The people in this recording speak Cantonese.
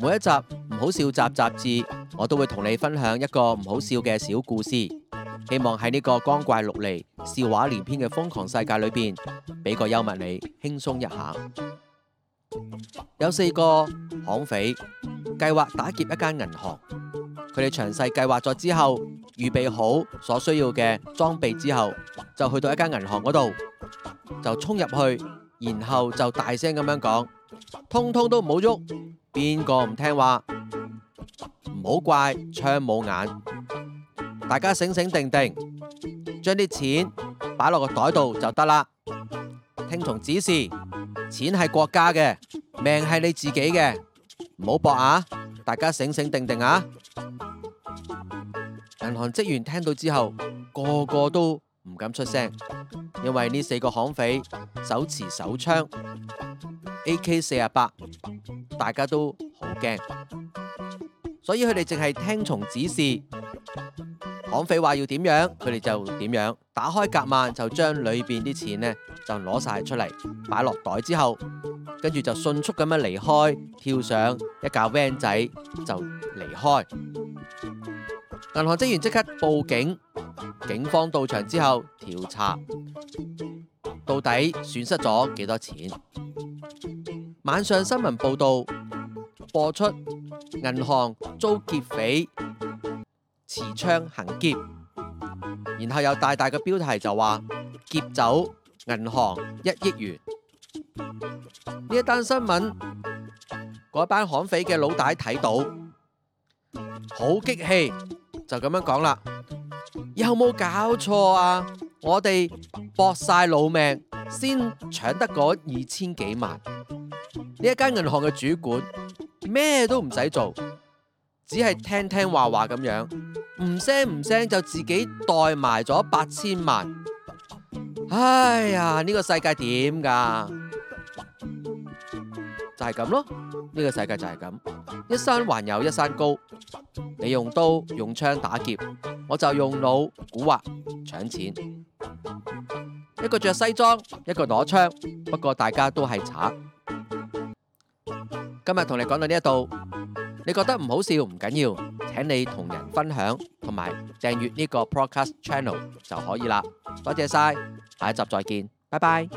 每一集唔好笑集雜誌，我都會同你分享一個唔好笑嘅小故事。希望喺呢個光怪陸離、笑話連篇嘅瘋狂世界裏邊，俾個幽默你，輕鬆一下。有四個悍匪計劃打劫一間銀行，佢哋詳細計劃咗之後，預備好所需要嘅裝備之後，就去到一間銀行嗰度，就衝入去，然後就大聲咁樣講：通通都唔好喐！邊個唔聽話？唔好怪槍冇眼。大家醒醒定定，將啲錢擺落個袋度就得啦。聽從指示，錢係國家嘅，命係你自己嘅，唔好搏啊！大家醒醒定定啊！銀行職員聽到之後，個個都唔敢出聲，因為呢四個悍匪手持手槍，AK 四十八。大家都好驚，所以佢哋淨係聽從指示，綁匪話要點樣，佢哋就點樣。打開夾萬就將裏邊啲錢呢，就攞晒出嚟，擺落袋之後，跟住就迅速咁樣離開，跳上一架 van 仔就離開。銀行職員即刻報警，警方到場之後調查，到底損失咗幾多錢？晚上新聞報道播出，銀行遭劫匪持槍行劫，然後有大大嘅標題就話劫走銀行一億元。呢一單新聞，嗰班悍匪嘅老大睇到好激氣，就咁樣講啦，有冇搞錯啊？我哋搏晒老命先搶得嗰二千幾萬。呢一間銀行嘅主管，咩都唔使做，只係聽聽話話咁樣，唔聲唔聲就自己帶埋咗八千萬。哎呀，呢個世界點㗎？就係咁咯，呢個世界就係咁。一山還有一山高，你用刀用槍打劫，我就用腦蠱惑搶錢。一個着西裝，一個攞槍，不過大家都係賊。今日同你講到呢一度，你覺得唔好笑唔緊要，請你同人分享同埋訂閱呢個 Podcast Channel 就可以啦，多謝晒，下一集再見，拜拜。